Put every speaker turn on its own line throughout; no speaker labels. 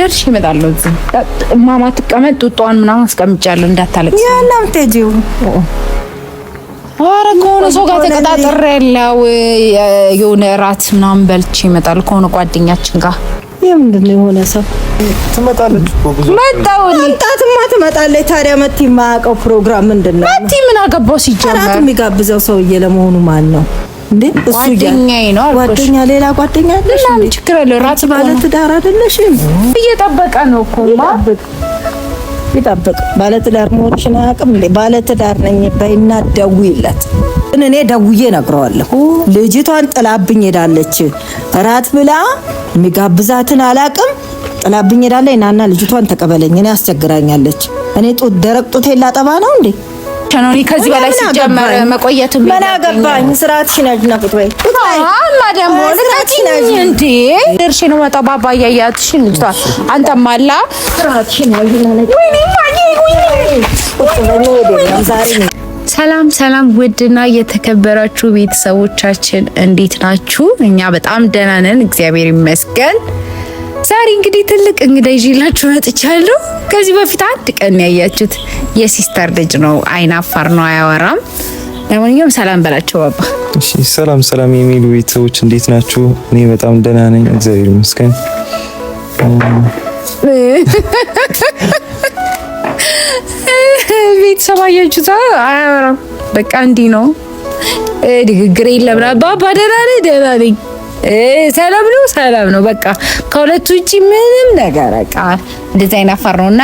ደርሼ እመጣለሁ። እዚህ ማማ ትቀመጥ ጡጧን ምናምን አስቀምጫለሁ እንዳታለቅስ።
ያላም ተጂው
ኧረ ከሆነ ሰው ጋር ተቀጣጥሬ ያለው የሆነ እራት ምናምን በልቼ እመጣለሁ ከሆነ ጓደኛችን ጋር
የምንድነው? የሆነ ሰው
ትመጣለች እኮ
ብዙ መጣው
መጣትማ ትመጣለች። ታዲያ መቲ የማያውቀው ፕሮግራም ምንድን ነው?
መቲ ምን አገባው ሲጀመር
እራት የሚጋብዘው ሰውዬ ለመሆኑ ማን ነው? እንዴ
ጓደኛዬ ነው
ጓደኛ ሌላ ጓደኛ
አለሽ እንዴ? ችግር አለ
ባለ ትዳር አይደለሽም?
እየጠበቀ ነው እኮ
ይጠብቅ። ባለ ትዳር መሆንሽን አያውቅም እንዴ? ባለ ትዳር ነኝ በይና ደውይለት። እኔ ደውዬ ነግረዋለሁ። ልጅቷን ጥላብኝ ሄዳለች፣ እራት ብላ የሚጋብዛትን አላውቅም ጥላብኝ ሄዳለች። ናና ልጅቷን ተቀበለኝ፣ እኔ አስቸግራኛለች። እኔ ጡት ደረቅ ጡቴ ላጠባ ነው እንዴ?
ብቻ ነው። እኔ ከዚህ በላይ ሲጀመር መቆየት
ምን አገባኝ? ስርዓት ሲነጅ ነው ቁጥበይ
አማ ደግሞ ልቀቂ እንዴ ድርሽ ነው ወጣ ባባ ያያትሽ ልጅቷ አንተ ማላ
ስርዓት ሲነጅ ነው።
ሰላም ሰላም፣ ውድና የተከበራችሁ ቤተሰቦቻችን እንዴት ናችሁ? እኛ በጣም ደህና ነን፣ እግዚአብሔር ይመስገን። ዛሬ እንግዲህ ትልቅ እንግዳ ይዤላችሁ መጥቻለሁ። ከዚህ በፊት አንድ ቀን ያያችሁት የሲስተር ልጅ ነው። አይን አፋር ነው፣ አያወራም። ለማንኛውም ሰላም በላቸው ባባ።
እሺ፣ ሰላም ሰላም የሚሉ ቤተሰቦች እንዴት ናችሁ? እኔ በጣም ደህና ነኝ፣ እግዚአብሔር ይመስገን።
ቤተሰብ አያችሁት፣ አያወራም። በቃ እንዲህ ነው፣ ንግግር የለም። ባባ ደህና ነኝ፣ ደህና ነኝ ሰላም ነው፣ ሰላም ነው። በቃ ከሁለቱ ውጪ ምንም ነገር በቃ እንደዚህ አይነት አፋር እና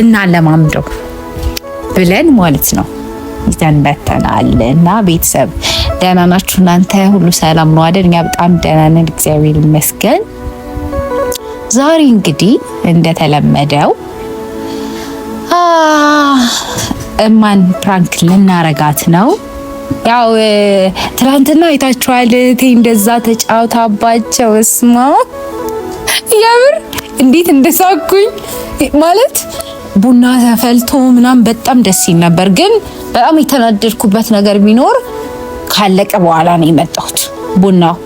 እናለማምደው ብለን ማለት ነው ይዘን በተናል እና ቤተሰብ ደህና ናችሁ እናንተ? ሁሉ ሰላም ነው አይደል? እኛ በጣም ደህና ነን፣ እግዚአብሔር ይመስገን። ዛሬ እንግዲህ እንደተለመደው እማን ፕራንክ ልናረጋት ነው ያው ትላንትና አይታችኋል። እቴ እንደዛ ተጫውታባቸው እስማ የምር እንዴት እንደሳኩኝ ማለት ቡና ተፈልቶ ምናምን በጣም ደስ ይል ነበር። ግን በጣም የተናደድኩበት ነገር ቢኖር ካለቀ በኋላ ነው የመጣሁት ቡናው።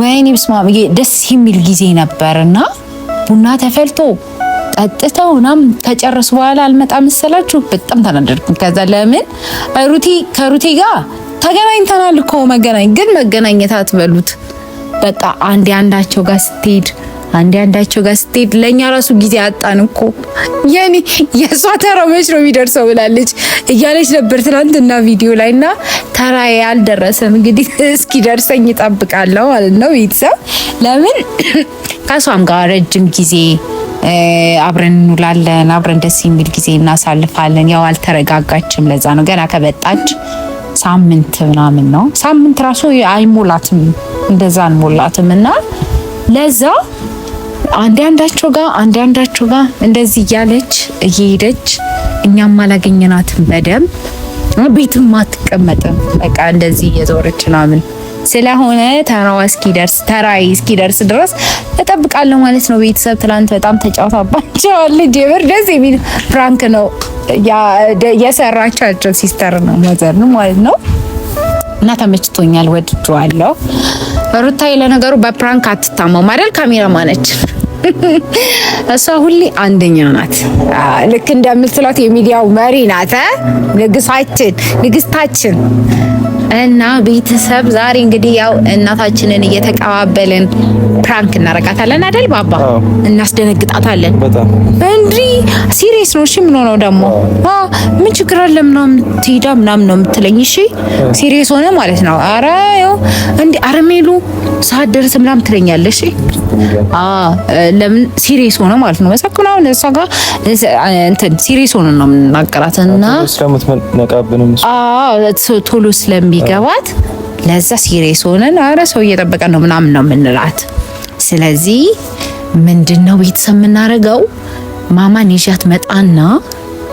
ወይኔ ብስማ ደስ የሚል ጊዜ ነበር እና ቡና ተፈልቶ ጠጥተው ምናምን ከጨረሱ በኋላ አልመጣ መሰላችሁ በጣም ተናደድኩኝ። ከዛ ለምን ሩቲ ከሩቲ ጋር ተገናኝተናል እኮ መገናኝ ግን መገናኘት አትበሉት። በቃ አንድ አንዳቸው ጋር ስትሄድ አንድ አንዳቸው ጋር ስትሄድ ለእኛ ራሱ ጊዜ አጣን እኮ የኔ የእሷ ተራ መች ነው የሚደርሰው ብላለች እያለች ነበር ትናንትና ቪዲዮ ላይ እና ተራዬ አልደረሰም። እንግዲህ እስኪደርሰኝ ይጠብቃለሁ ማለት ነው ቤተሰብ ለምን ከሷም ጋር ረጅም ጊዜ አብረን እንውላለን፣ አብረን ደስ የሚል ጊዜ እናሳልፋለን። ያው አልተረጋጋችም። ለዛ ነው ገና ከመጣች ሳምንት ምናምን ነው። ሳምንት ራሱ አይሞላትም፣ እንደዛ አንሞላትም። እና ለዛ አንዳንዳቸው ጋር አንዳንዳቸው ጋር እንደዚህ እያለች እየሄደች እኛም አላገኘናትም በደንብ ቤትም አትቀመጥም። በቃ እንደዚህ እየዞረች ምናምን ስለሆነ ተራዋ እስኪደርስ ተራይ እስኪደርስ ድረስ እጠብቃለሁ ማለት ነው። ቤተሰብ ትላንት በጣም ተጫውታባቸዋለች። የምር ደስ የሚል ፍራንክ ነው የሰራቻቸው ሲስተር ነው ማዘር ነው ማለት ነው። እና ተመችቶኛል፣ ወድጄዋለሁ። ሩታዬ ለነገሩ በፕራንክ አትታማው አይደል? ካሜራ ማነች እሷ ሁሌ አንደኛ ናት።
ልክ እንደምትላት የሚዲያው መሪ ናት። ንግስታችን ንግስታችን
እና ቤተሰብ ዛሬ እንግዲህ ያው እናታችንን እየተቀባበልን ፕራንክ እናረጋታለን አይደል ባባ? እናስደነግጣታለን። እንዲ ሲሪየስ ነው። እሺ ምን ሆነው ደግሞ ምን ችግር አለ ምናምን ትሄዳ ምናምን ነው የምትለኝ። እሺ ሲሪየስ ሆነ ማለት ነው። ኧረ ያው እንዲህ አረሜሉ ሰዓት ምናምን ትለኛለሽ። ለምን ሲሪየስ ሆነ ማለት ነው። መሳክ ምናምን እሷ ጋር እንትን ሲሪየስ ሆነ ነው የምናገራት እና ቶሎ ስለሚገባት ለዛ ሲሪየስ ሆነን አረ ሰው እየጠበቀን ነው ምናምን ነው የምንላት። ስለዚህ ምንድን ነው ቤተሰብ የምናደርገው ማማን ይዣት መጣና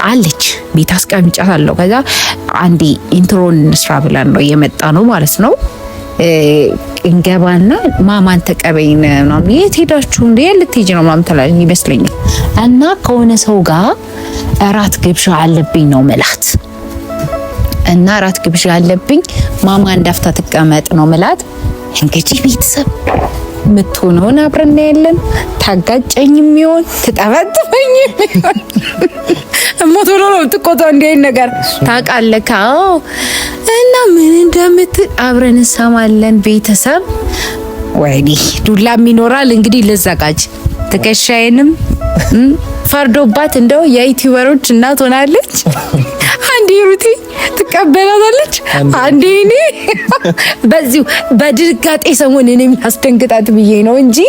አለች ቤት አስቀምጫት አለው። ከዛ አንዴ ኢንትሮን እንስራ ብለን ነው የመጣ ነው ማለት ነው። እንገባና ማማን ተቀበይን ምናምን የት ሄዳችሁ እንደ ልትሄጂ ነው ምናምን ትላለች ይመስለኛል። እና ከሆነ ሰው ጋር እራት ግብዣ አለብኝ ነው ምላት እና እራት ግብዣ አለብኝ ማማ እንዳፍታ ትቀመጥ ነው ምላት። እንግዲህ ቤተሰብ የምትሆነውን አብረን እናያለን። ታጋጨኝ የሚሆን ትጠበጥበኝ የሚሆን ሞት ብሎ ነው የምትቆጣው እንዲህ ዓይነት ነገር ታውቃለህ። እና ምን እንደምት አብረን እንሰማለን። ቤተሰብ ወይኔ ዱላም ይኖራል እንግዲህ ልዘጋጅ። ትከሻዬንም ፈርዶባት እንደው የዩቲዩበሮች እናት ሆናለች። አንዴ ሩቲ ትቀበላታለች፣ አንዴ እኔ በዚሁ በድንጋጤ ሰሞን እኔም ያስደንግጣት ብዬ ነው እንጂ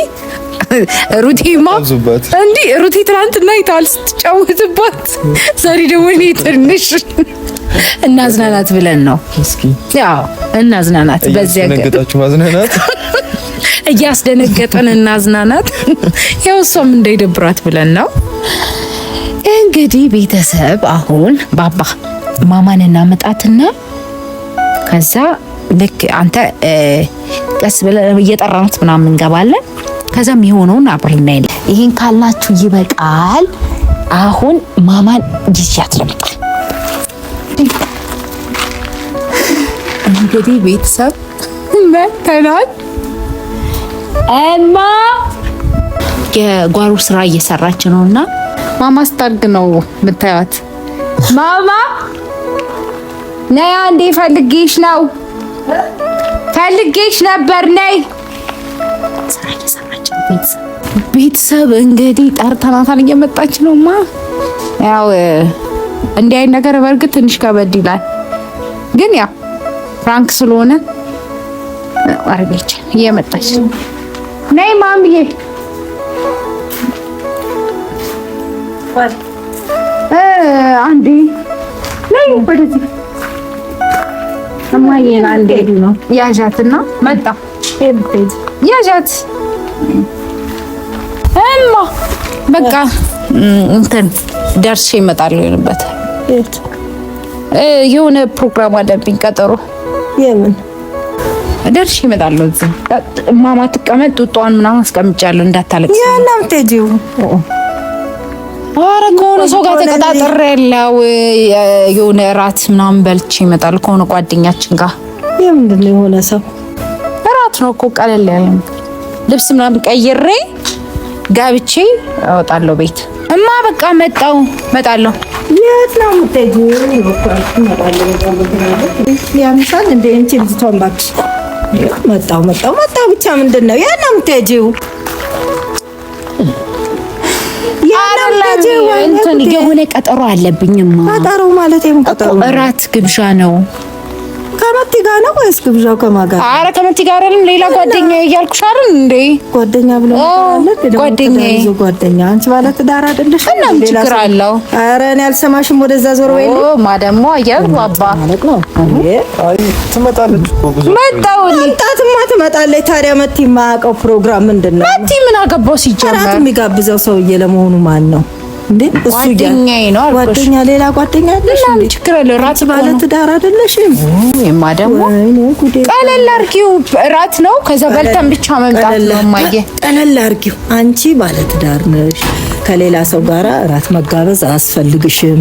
ሩቲማ እንዲህ ሩቲ ትናንትና ይታል ስትጫወትባት፣ ዛሬ ደግሞ እኔ ትንሽ እናዝናናት ብለን ነው። ያው እናዝናናት
በዚያ ማዝናናት
እያስደነገጠን እናዝናናት። ያው እሷም እንዳይደብራት ብለን ነው እንግዲህ ቤተሰብ። አሁን ባባ ማማን እናመጣትና ከዛ ልክ አንተ ቀስ ብለን እየጠራናት ምናምን እንገባለን። ከዛም የሆነውን አብረን እናያለን። ይህን ካላችሁ ይበቃል። አሁን ማማን ይዣት ልምጣ እንግዲህ ቤተሰብ መተናል እና የጓሮ ስራ እየሰራች ነው እና ማማ ስታርግ ነው የምታዩት። ማማ ነይ አንዴ ፈልጌሽ ነው ፈልጌሽ ነበር ነይ። ቤተሰብ እንግዲህ ጠርተናታል እየመጣች ነውማ። ያው እንዲህ አይነት ነገር በእርግጥ ትንሽ ከበድ ይላል ግን ያው ፍራንክ ስለሆነ አረገች። እየመጣች ነይ ማምዬ አንዴ ነይ ወደዚህ
እማዬን አንዴ ነው ያዣትና መጣ
ያዣት እማ በቃ እንትን ደርሼ እመጣለሁ። የሆነበት የሆነ ፕሮግራም አለብኝ ቀጠሮ የምን ደርሼ እመጣለሁ። እዚህ ማማ ትቀመጥ፣ ጡጧን ምናምን አስቀምጫለሁ እንዳታለቅስ።
ያና ምትጂው
ኧረ ከሆነ ሰው ጋር ተቀጣጥሬ ያለው የሆነ እራት ምናምን በልቼ እመጣለሁ ከሆነ ጓደኛችን ጋር።
የምንድን ነው የሆነ ሰው
እራት ነው እኮ ቀለል ያለ ልብስ ምናምን ቀይሬ ጋብቼ እወጣለሁ ቤት እማ። በቃ መጣው እመጣለሁ።
የት ነው የምትሄጂው? ያምሻል እንደ አንቺ ልጅቷን እባክሽ መጣሁ መጣሁ መጣሁ ብቻ ምንድን ነው የት ነው የምትሄጂው?
የሆነ ቀጠሮ አለብኝማ።
ቀጠሮ ማለት
ቀጠሮ እራት ግብዣ ነው።
ጋር ነው ወይስ ግብዣው ከማን ጋር?
ኧረ ከመቲ ጋር አይደለም፣ ሌላ ጓደኛ እያልኩሽ አይደል እንዴ?
ጓደኛ ብሎ ማለት
ጓደኛ ይዞ
ጓደኛ። አንቺ ባለ ትዳር አይደለሽ?
እና ምን ችግር አለው?
አረ እኔ አልሰማሽም። ወደዛ ዞር ወይ ነው
ማ ደግሞ አየህ ባባ ትመጣለች መጣው
መጣትማ ትመጣለች። ታዲያ መቲ የማያውቀው ፕሮግራም ምንድን
ነው? መቲ ምን አገባው ሲጀመር?
እራት የሚጋብዘው ሰውዬ ለመሆኑ ማን ነው? እንዴ እሱ
ጓደኛዬ ነው
አልኩሽ። ጓደኛ ሌላ ጓደኛ
አለሽ እንዴ? ችግር አለ። ራት
ባለ ትዳር አይደለሽም።
እማ ደግሞ ቀለል አድርጊው። ራት ነው ከዛ በልተን ብቻ መምጣት ነው። እማዬ
ቀለል አድርጊው። አንቺ ባለ ትዳር ነሽ። ከሌላ ሰው ጋር ራት መጋበዝ አያስፈልግሽም።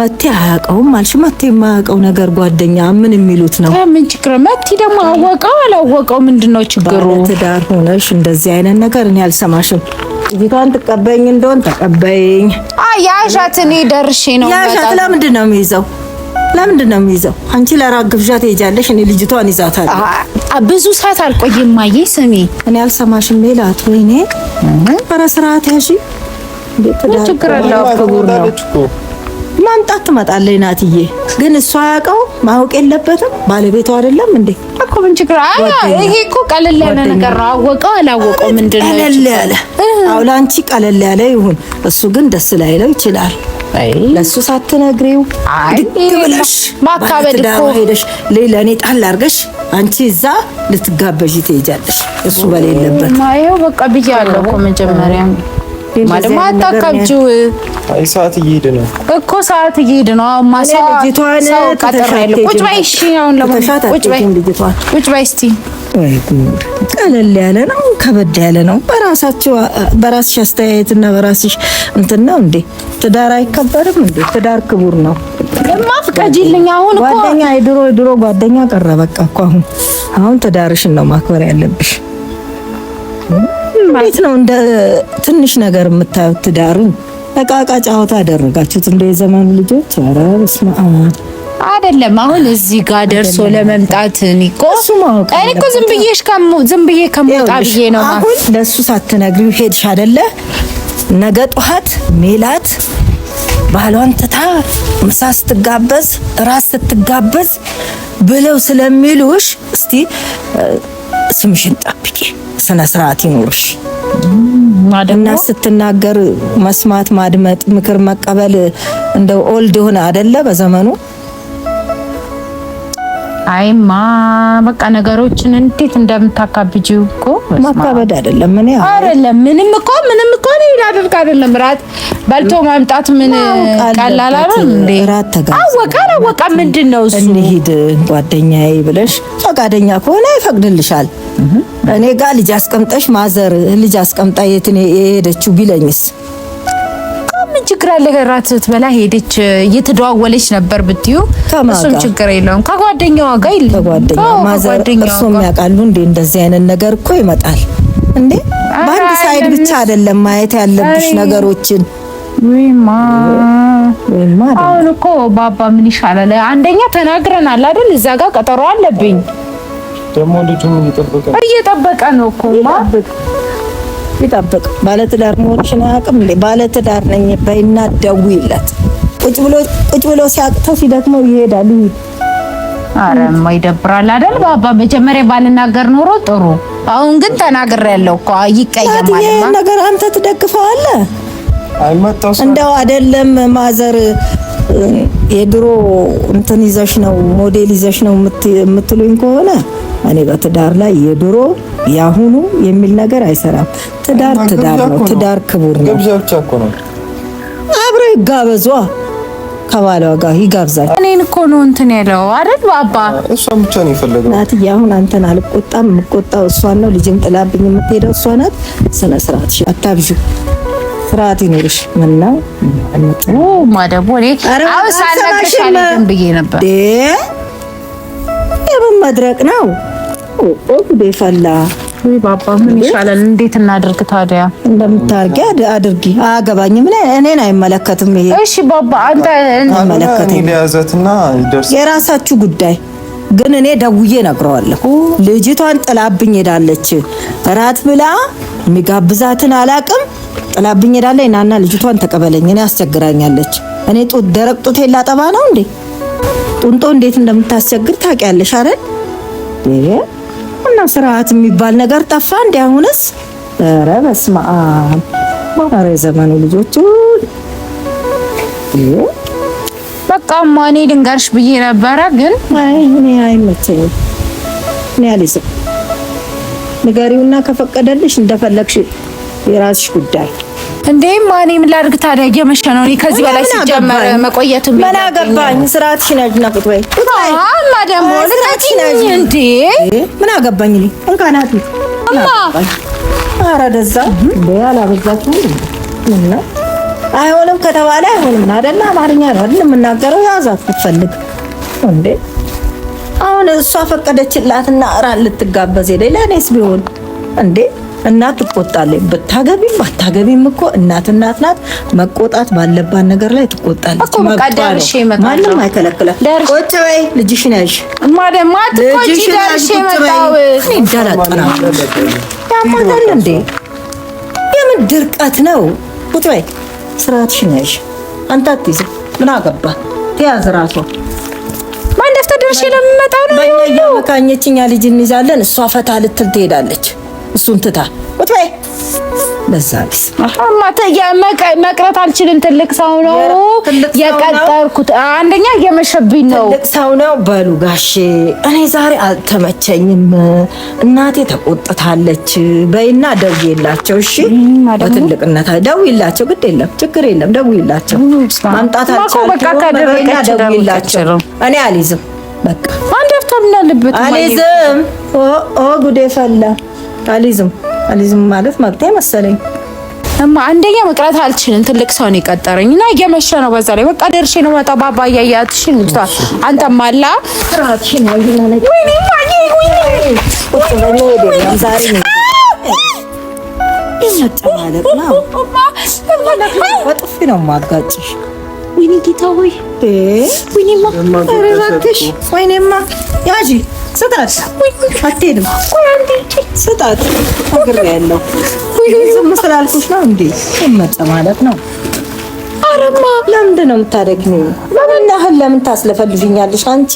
መቴ አያውቀውም አልሽ። መቴ የማያውቀው ነገር ጓደኛ ምን የሚሉት ነው?
ምን ችግር መቴ ደግሞ አወቀው አላወቀው ምንድነው ችግሩ? ባለ
ትዳር ሆነሽ እንደዚህ አይነት ነገር እኔ አልሰማሽም። ፊቷን ትቀበይኝ እንደሆን
አይ ያሻት እኔ ደርሼ ነው
ያሻት። ለምንድን ነው የሚይዘው? ለምንድን ነው የሚይዘው? አንቺ ለራት ግብዣ ትሄጃለሽ፣ እኔ ልጅቷን ይዛታለሁ።
ብዙ ሰዓት አልቆይም። ማዬ ስሚ፣
እኔ አልሰማሽም። ሜላት፣ ወይኔ ኧረ ስርዓት ያሺ
ችግር አለው። ክቡር ነው
ማምጣት ትመጣለች። ናትዬ ግን እሷ አያውቀው ማወቅ የለበትም ባለቤቷ አይደለም እንዴ
ምን ችግር አለ? ይሄ እኮ ቀለል ያለ ነገር ነው። አወቀው አላወቀው ምንድን ነው
ቀለል ያለ አው ላንቺ ቀለል ያለ ይሁን። እሱ ግን ደስ ላይለው ይችላል። ለሱ ሳትነግሪው ድግ ብለሽ ማካበድ እኮ ሄደሽ ለእኔ ጣል አድርገሽ አንቺ እዛ ልትጋበዥ ትሄጃለሽ እሱ በሌለበት።
ይኸው በቃ ብያለሁ እኮ መጀመሪያ ማለት
አይ ሰዓት እየሄደ ነው
እኮ ሰዓት እየሄደ ነው። አሁን ቁጭ በይ እሺ። አሁን ቁጭ በይ እስኪ።
ቀለል ያለ ነው ከበድ ያለ ነው። በራሳቸው በራስሽ አስተያየትና በራስሽ እንትን ነው እንዴ። ትዳር አይከበርም እንዴ? ትዳር ክቡር ነው።
ለማፍቀጂልኝ አሁን
ጓደኛ የድሮ ድሮ ጓደኛ ቀረ። በቃ እኮ አሁን አሁን ትዳርሽን ነው ማክበር ያለብሽ። እንዴት ነው እንደ ትንሽ ነገር የምታዩት ትዳሩ? ዕቃ ዕቃ ጨዋታ አደረጋችሁት እንደ የዘመኑ ልጆች። ኧረ በስመ አብ
አይደለም። አሁን እዚህ ጋር ደርሶ ለመምጣት ኒቆ እኔ እኮ ዝም ብዬሽ ከሙ ዝም ብዬ ከሞጣ
ብዬ ነው። አሁን ለሱ ሳትነግሪው ሄድሽ አይደለ? ነገ ጠዋት ሜላት ባሏን ትታ ምሳ ስትጋበዝ ራት ስትጋበዝ ብለው ስለሚሉሽ እስቲ ስምሽን ጠብቂ፣ ስነ ስርዓት ይኑርሽ እና ስትናገር መስማት፣ ማድመጥ፣ ምክር መቀበል እንደው ኦልድ ሆነ አይደለ በዘመኑ
አይማ በቃ ነገሮችን እንዴት እንደምታካብጂው እኮ
ማካበድ አይደለም። ምን
አይደለም ምንም እኮ ምንም እኮ ነው ይላደርግ አይደለም። ራት በልቶ ማምጣት ምን ቀላል አይደል እንዴ? ራት ተጋር አወቀ አላወቀ ምንድን ነው እሱ።
እንሂድ ጓደኛዬ ብለሽ ፈቃደኛ ከሆነ ይፈቅድልሻል። እኔ ጋር ልጅ አስቀምጠሽ ማዘር ልጅ አስቀምጣ የት ነው የሄደችው ቢለኝስ
ችግር አለ ገራት ስትበላ ሄደች እየተደዋወለች ነበር ብትዩ እሱም ችግር የለውም። ከጓደኛዋ ጋር ይል
ከጓደኛዋ ማዘር እርሱም ያውቃሉ እንዴ እንደዚህ አይነት ነገር እኮ ይመጣል እንዴ። በአንድ ሳይድ ብቻ አይደለም ማየት ያለብሽ ነገሮችን።
ወይማ አሁን እኮ ባባ ምን ይሻላል? አንደኛ ተናግረናል አይደል? እዛ ጋር ቀጠሮ አለብኝ ደግሞ ልጁ እየጠበቀ ነው እኮ
ይጠብቅ። ባለትዳር መሆንሽን አያውቅም እንዴ? ባለትዳር ነኝ በይና ደውይለት። ቁጭ ብሎ ሲያቅተው ሲደክመው ይሄዳል።
አረማ ይደብራል አይደል ባባ? መጀመሪያ ባልናገር ኖሮ ጥሩ። አሁን ግን ተናግር ያለው እኮ
ይቀየማል። ይሄን ነገር አንተ ትደግፈዋለህ? እንደው አይደለም ማዘር የድሮ እንትን ይዘሽ ነው ሞዴል ይዘሽ ነው የምትሉኝ ከሆነ እኔ በትዳር ላይ የድሮ ያሁኑ የሚል ነገር አይሰራም። ትዳር ትዳር ነው። ትዳር ክቡር ነው።
ግብዣ ብቻ እኮ ነው።
አብረው ይጋበዟ ከባሏ ጋር ይጋብዛል።
እኔን እኮ ነው እንትን ያለው አይደል ባባ?
እሷን ብቻ ነው የፈለገው።
ናት አሁን አንተን አልቆጣም፣ የምቆጣው እሷን ነው። ልጅም ጥላብኝ የምትሄደው እሷ ናት። ስነ ስርዓት አታብዥ፣ ስርዓት ይኖርሽ።
ኦ ማደቦ አሁን ሳለቅሽ አልሄድም ብዬ ነበር።
ይህ ምን መድረቅ ነው? ጉዴ ፈላ።
ባባ ምን ይሻላል? እንዴት እናድርግ ታዲያ?
እንደምታርጊ አድርጊ። ምን እኔን አይመለከትም ይሄ።
እሺ ባባ፣ አንተ
አይመለከትም።
የራሳችሁ ጉዳይ ግን እኔ ደውዬ ነግረዋለሁ። ልጅቷን ጥላብኝ ሄዳለች። እራት ብላ የሚጋብዛትን አላቅም ጥላብኝ ሄዳለች። እናና ልጅቷን ተቀበለኝ፣ እኔ አስቸግራኛለች። እኔ ጡት ደረቅ ጡት ላጠባ ነው እንዴ? ጡንጦ እንዴት እንደምታስቸግር ታውቂያለሽ አይደል? እና ስርዓት የሚባል ነገር ጠፋ። እንዴ አሁንስ ኧረ በስመ አብ ማረ የዘመኑ ልጆቹ
በቃ ማኔ ልንገርሽ ብዬ ነበረ፣ ግን
እኔ አይመቸኝም። እኔ አልይዝም። ንገሪውና ከፈቀደልሽ እንደፈለግሽ የራስሽ ጉዳይ
እንዴም ማን ምን ላድርግ ታዲያ? እየመሸ ነው። እኔ ከዚህ በላይ ሲጀመር መቆየት
ምን አገባኝ? ስርዓትሽ ነጅ ነው። ቁጥበይ
አማ ደግሞ ልቀቂ ነኝ። እንዴ
ምን አገባኝ? እኔ እንካናት አማ ኧረ ደዛ እንዴ አላበዛችሁ ምን ነው? አይሆንም ከተባለ አይሆንም አይደለ? አማርኛ ነው አይደል የምናገረው? ያዛት ትፈልግ እንዴ አሁን እሷ ፈቀደችላትና እራት ልትጋበዝ ሄደ። ለእኔስ ቢሆን እንዴ እናት ትቆጣለች። ብታገቢም ባታገቢም እኮ እናት እናት ናት። መቆጣት ባለባት ነገር ላይ ትቆጣለች። ማንም አይከለክላት። ቁጭ በይ ልጅሽን ያዥ ያማታል እንዴ የምን ድርቀት ነው? ቁጭ በይ ስርዓትሽን ያዥ። አንተ አትይዝ ምን አገባ ተያዝ ራሷ
ማን ደፍተ ድርሽ ለምመጣው ነው
በእኛ እያመካኘችኛ ልጅ እንይዛለን እሷ ፈታ ልትል ትሄዳለች። እሱን ትታ ወጥበይ ለዛ
መቅረት አልችልም። ትልቅ ሰው ነው የቀጠርኩት። አንደኛ እየመሸብኝ ነው።
ትልቅ ሰው ነው በሉ ጋሼ፣ እኔ ዛሬ አልተመቸኝም፣ እናቴ ተቆጥታለች በይና ደውዪላቸው። እሺ በትልቅነት ደውዪላቸው፣ ግድ የለም ችግር የለም ደውዪላቸው። ማምጣት
አልቻልኩም፣
ደውዪላቸው። እኔ አልይዝም፣
በቃ አንድ አፍታ ምናልበት
አልይዝም። ኦ ጉዴ ፈላ አሊዝም አሊዝም ማለት መብቴ መሰለኝ።
እማ አንደኛ መቅረት አልችልም። ትልቅ ሰው ነው የቀጠረኝ እና እየመሸ ነው። በዛ ላይ በቃ ደርሼ ነው የማጣው። ባባ እያያትሽ ልጅቷ አንተ ማላ
በጥፊ ነው ማጋጭሽ።
ወይኔ ጌታ ወይ ወይኔማ፣ ኧረ
ወይኔማ ያጂ ስጣት፣ አትሄድም። ስጣት ነግሬያለሁ። ዝም ስላልኩሽ ነው እንዴ? መጠ ማለት ነው። አረማ ለምንድን ነው የምታደግኝ? ለምን ያህል ለምን ታስለፈልፊኛለሽ አንቺ?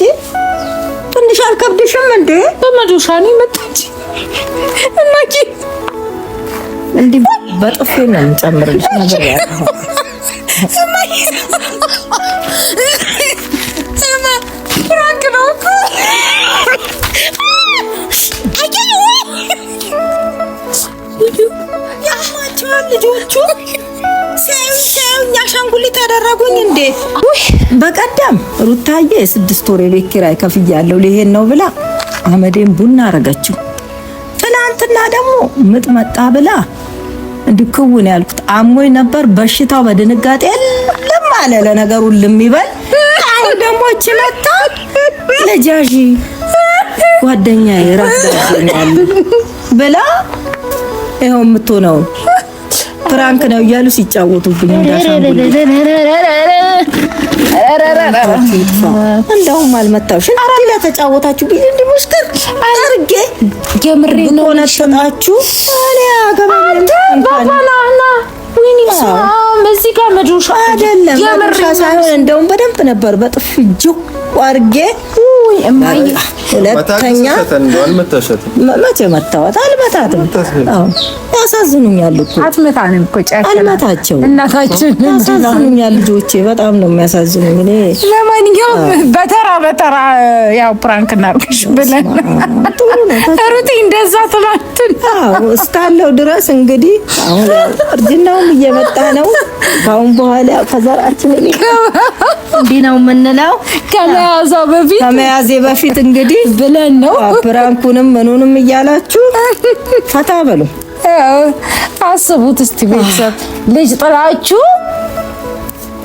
ትንሽ አልከብድሽም እንዴ?
በመዶሻ ነው መጣች እናኪ
እንዲህ በጥፌ ነው የምጨምርልሽ ነገር
ፍራንክ ነው እኮ ያማቸዋል ልጆቹ አሻንጉሊት ያደረጉኝ እንዴ?
በቀደም ሩታዬ የስድስት ወር የቤት ኪራይ ከፍያለሁ ልሄድ ነው ብላ አመዴን ቡና አረገችው። ትናንትና ደግሞ ምጥ መጣ ብላ እንድክውን ያልኩት አሞኝ ነበር። በሽታው በድንጋጤ ልም አለ። ለነገሩ ልም ይበል ደግሞ እቺ መጣ ለጃዢ ጓደኛዬ ራስ ብላ ይኸው የምትሆነው ፍራንክ ነው እያሉ ሲጫወቱብኝ እንደውም አልመታሁሽም። አራት ላይ ተጫወታችሁ እንዲህ አድርጌ ጀምሬ ነው መዶሻ አይደለም መዶሻ ሳይሆን እንደውም በደንብ ነበር በጥፊ ጆ አድርጌ ሁለተኛ መቼ መታወት አልመታትም። ያሳዝኑኛል እኮ አትመታንም እኮ አልመታቸው እናታችን ያሳዝኑኛል። ልጆቼ በጣም ነው የሚያሳዝኑኝ። እኔ ለማንኛውም በተራ በተራ ያው ፕራንክ እናርግሽ ብለን ሩቲ እንደዛ ትላንትን እስካለው ድረስ እንግዲህ አሁን እርጅናውም እየመጣ ነው። ከአሁን በኋላ ከዘራችን እንዲህ ነው የምንለው ከመያዟ በፊት ከመያዜ በፊት እንግዲህ ብለን ነው ፕራንኩንም ምኑንም እያላችሁ ፈታ በሉ። አስቡት እስቲ ቤተሰብ ልጅ ጥላችሁ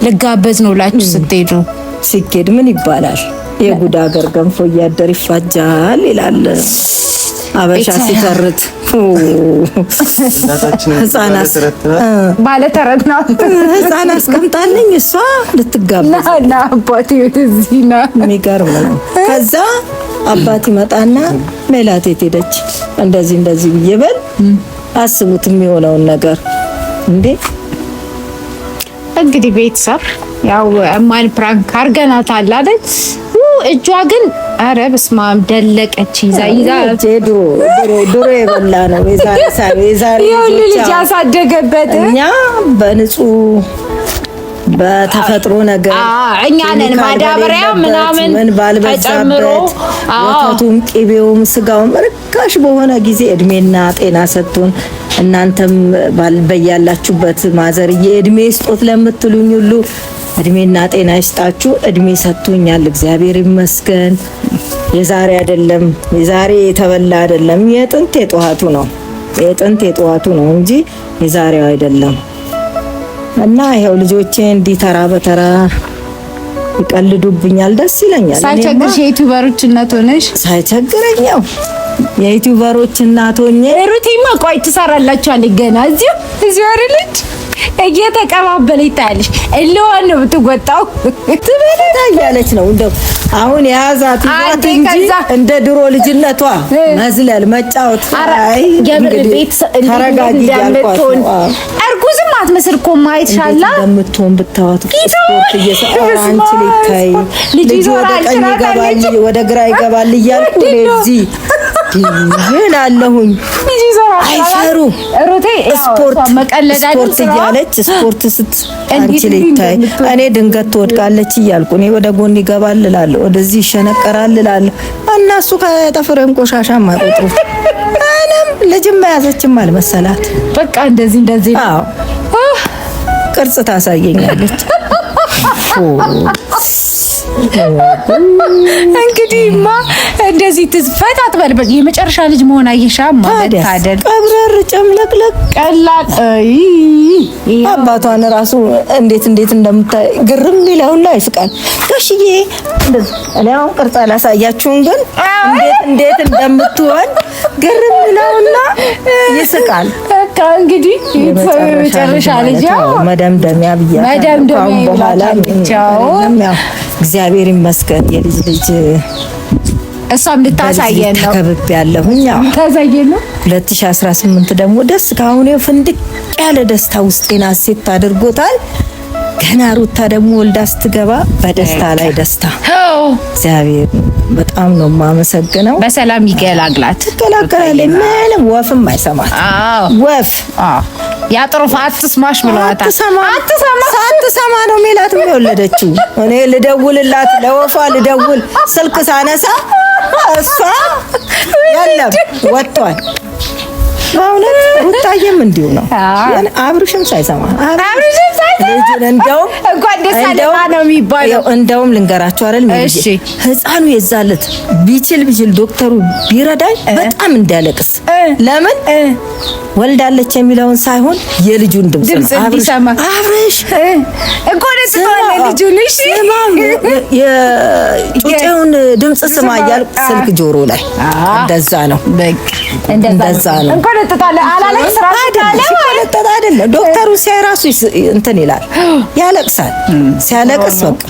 ልጋበዝ ነው ብላችሁ ስትሄዱ ሲኬድ ምን ይባላል? የጉድ ሀገር ገንፎ እያደር ይፋጃል ይላል። አበሻ ሲፈርት ባለተረት ናት። ህፃን እሷ ልትጋባና አባቴ የሚገርም ነው። ከዛ አባት ይመጣና ሜላት ሄደች እንደዚህ እንደዚህ ብዬ በል አስቡት የሚሆነውን ነገር እንዴ እንግዲህ ቤተሰብ ያው እማን ፕራንክ አርገናታል እጇ ግን አረ በስመ አብ ደለቀች። ይዛ ይዛ ድሮ ድሮ የበላ ነው ይሁን ልጅ ያሳደገበት እኛ በንጹህ በተፈጥሮ ነገር እኛ ነን ማዳበሪያ ምናምን ምን ባልበዛበት ወተቱም ቅቤውም ስጋውም ርካሽ በሆነ ጊዜ እድሜና ጤና ሰጥቶን እናንተም ባልበያላችሁበት ማዘርዬ እድሜ ስጦት ለምትሉኝ ሁሉ እድሜና ጤና ይስጣችሁ። እድሜ ሰጥቶኛል፣ እግዚአብሔር ይመስገን። የዛሬ አይደለም የዛሬ የተበላ አይደለም፣ የጥንት የጠዋቱ ነው የጥንት የጠዋቱ ነው እንጂ የዛሬው አይደለም። እና ይሄው ልጆቼ እንዲህ ተራ በተራ ይቀልዱብኛል፣ ደስ ይለኛል። ሳይቸግርሽ የዩቲዩበሮች እናት ሆነሽ ሳይቸግረኝ የዩቲዩበሮች እናት ሆኜ ሩቲማ ቆይ ትሰራላችኋል። ገና እዚሁ እዚሁ አይደለች እየተቀባበለ ይታያለሽ። እልዋን ነው ብትጎጣው ትበለታ እያለች ነው እንደው አሁን የያዛት ይዛት እንጂ እንደ ድሮ ልጅነቷ መዝለል መጫወት እርጉዝም አትመስል እኮ ማየት ሻላ እንደምትሆን ብታዋት ስፖርት እየሰራ አንቺ ልታይ ልጅ ወደ ቀኝ ይገባል ወደ ግራ ይገባል እያልኩ እዚህ እላለሁኝ። አይፈሩ ስፖርት እያለች ስፖርት ስት አንቺ ልታይ እኔ ድንገት ትወድቃለች እያልኩ እኔ ወደ ጎን ይገባል እላለሁ፣ ወደዚህ ይሸነቀራል እላለሁ። እና እሱ ከጥፍሬም ቆሻሻ ማይቆጥሩ እኔም ልጅም መያዘችም አልመሰላት። በቃ እንደዚህ እንደዚህ ቅርጽ ታሳየኛለች። እንግዲህማ እንደዚህ ፈታ ትበልበት የመጨረሻ ልጅ መሆን አይሻም ማለት ቀብረር ጨምለቅለቅ ቀላል አባቷን ራሱ እንዴት እንዴት እንደምታይ ግርም ይለውን ላይ ፍቃል ጋሽዬ እኔ አሁን ቅርጽ አላሳያችሁም፣ ግን እንዴት እንዴት እንደምትሆን ግርም ይለውና ይስቃል። በቃ እንግዲህ ቤተሰብ የመጨረሻ ልጅ መደምደሚያ ብያ መደምደሚያ እግዚአብሔር ይመስገን የልጅ ልጅ እሷም ልታሳየን ነው። ከብብ ያለሁኝ ታሳየን ነው። 2018 ደግሞ ደስ ከአሁኑ ፍንድቅ ያለ ደስታ ውስጤን አሴት አድርጎታል። ገና ሩታ ደግሞ ወልዳ ስትገባ በደስታ ላይ ደስታ። እግዚአብሔር በጣም ነው የማመሰግነው። በሰላም ይገላግላት። ትገላገላለች፣ ምንም ወፍም አይሰማት። ወፍ ያጥሩፍ አትስማሽ ብለዋታል። አትሰማ ነው ሜላት የወለደችው። እኔ ልደውልላት ለወፏ ልደውል ስልክ ሳነሳ እሷ የለም ወጥቷል። በእውነት ሩታዬም እንዲሁ ነው። አብርሽም ሳይሰማ ልጁን እንደውም እንኳን ደስ አለህ ነው የሚባለው። እንደውም ልንገራችሁ አይደል እሺ፣ ህፃኑ የዛለት ቢችል ቢችል ዶክተሩ ቢረዳኝ በጣም እንዳለቅስ ለምን ወልዳለች የሚለውን ሳይሆን የልጁን ድምጽ እንዲሰማ አብረሽ እንኳን ደስ አለህ ልጁን። እሺ የጩጬውን ድምጽ ስማ እያልኩ ስልክ ጆሮ ላይ እንደዛ ነው እንደዛ ነው። ዶክተሩ ሲያይ ራሱ እንትን ይላል ያለቅሳል። ሲያለቅስ በቃ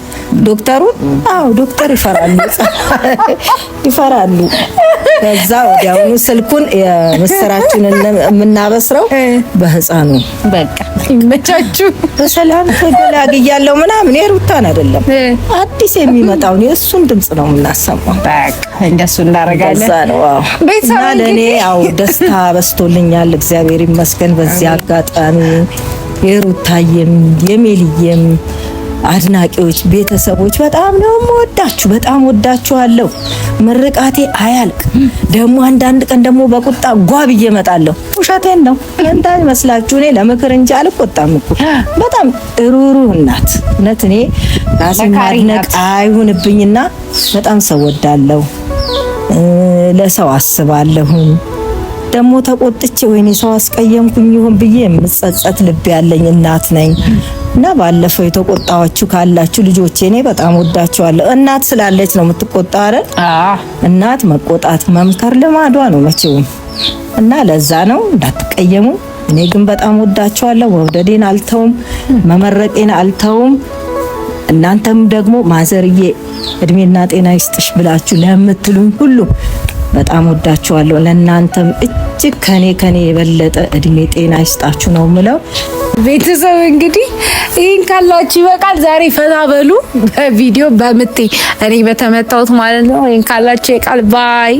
ዶክተሩን አዎ ዶክተር ይፈራሉ ይፈራሉ። ከዛ ወዲያውኑ ስልኩን የምስራችን የምናበስረው በህፃኑ በቃ ይመቻችሁ፣ በሰላም ተገላግ እያለው ምናምን የሩታን አይደለም አዲስ የሚመጣውን የእሱን ድምፅ ነው የምናሰማው። በቃ እንደሱ እናደርጋለን። ለእኔ ያው ደስታ በስቶልኛል፣ እግዚአብሔር ይመስገን በዚህ አጋጣሚ የሩታዬም የሜልዬም አድናቂዎች ቤተሰቦች በጣም ነው ወዳችሁ፣ በጣም ወዳችኋለሁ። ምርቃቴ አያልቅ። ደግሞ አንዳንድ ቀን ደግሞ በቁጣ ጓብ እየመጣለሁ። እመጣለሁ። ውሸቴን ነው እንታ ይመስላችሁ። እኔ ለምክር እንጂ አልቆጣም እኮ በጣም ሩሩ እናት እውነት። እኔ ራሴን ማድነቅ አይሁንብኝና በጣም ሰው ወዳለሁ፣ ለሰው አስባለሁ። ደግሞ ተቆጥቼ ወይኔ ሰው አስቀየምኩኝ ይሁን ብዬ የምጸጸት ልብ ያለኝ እናት ነኝ እና ባለፈው የተቆጣችሁ ካላችሁ ልጆቼ እኔ በጣም ወዳቸዋለሁ። እናት ስላለች ነው የምትቆጣ አይደል? እናት መቆጣት መምከር ልማዷ ነው መቼውም እና ለዛ ነው እንዳትቀየሙ። እኔ ግን በጣም ወዳቸዋለሁ። መውደዴን አልተውም፣ መመረቄን አልተውም። እናንተም ደግሞ ማዘርዬ እድሜና ጤና ይስጥሽ ብላችሁ ለምትሉኝ ሁሉ በጣም ወዳችኋለሁ። ለእናንተም እጅግ ከኔ ከኔ የበለጠ እድሜ ጤና ይስጣችሁ ነው ምለው። ቤተሰብ እንግዲህ ይህን ካላችሁ ይበቃል። ዛሬ ፈታ በሉ በቪዲዮ በምቴ እኔ በተመታሁት ማለት ነው። ይህን ካላችሁ ይቃል ባይ